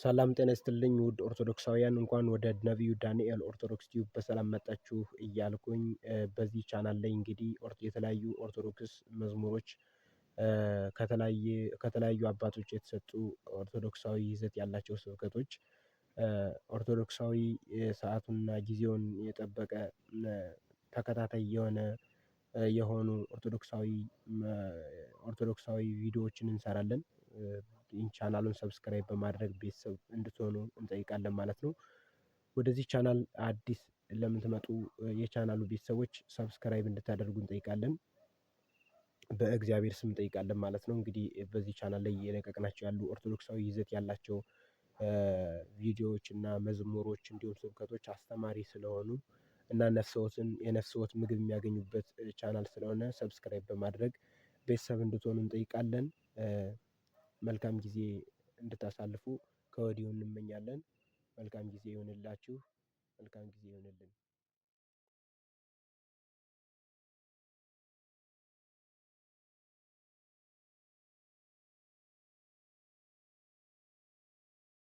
ሰላም ጤና ይስጥልኝ ውድ ኦርቶዶክሳውያን፣ እንኳን ወደ ነቢዩ ዳንኤል ኦርቶዶክስ ቲዩብ በሰላም መጣችሁ እያልኩኝ በዚህ ቻናል ላይ እንግዲህ የተለያዩ ኦርቶዶክስ መዝሙሮች ከተለያዩ አባቶች የተሰጡ ኦርቶዶክሳዊ ይዘት ያላቸው ስብከቶች ኦርቶዶክሳዊ ሰዓቱንና ጊዜውን የጠበቀ ተከታታይ የሆነ የሆኑ ኦርቶዶክሳዊ ኦርቶዶክሳዊ ቪዲዮዎችን እንሰራለን። ይህን ቻናሉን ሰብስክራይብ በማድረግ ቤተሰብ እንድትሆኑ እንጠይቃለን ማለት ነው። ወደዚህ ቻናል አዲስ ለምትመጡ የቻናሉ ቤተሰቦች ሰብስክራይብ እንድታደርጉ እንጠይቃለን። በእግዚአብሔር ስም እንጠይቃለን ማለት ነው። እንግዲህ በዚህ ቻናል ላይ እየለቀቅናቸው ያሉ ኦርቶዶክሳዊ ይዘት ያላቸው ቪዲዮዎች እና መዝሙሮች እንዲሁም ስብከቶች አስተማሪ ስለሆኑ እና ነፍስዎትን የነፍስዎት ምግብ የሚያገኙበት ቻናል ስለሆነ ሰብስክራይብ በማድረግ ቤተሰብ እንድትሆኑ እንጠይቃለን። መልካም ጊዜ እንድታሳልፉ ከወዲሁ እንመኛለን። መልካም ጊዜ ይሁንላችሁ። መልካም ጊዜ ይሁንልን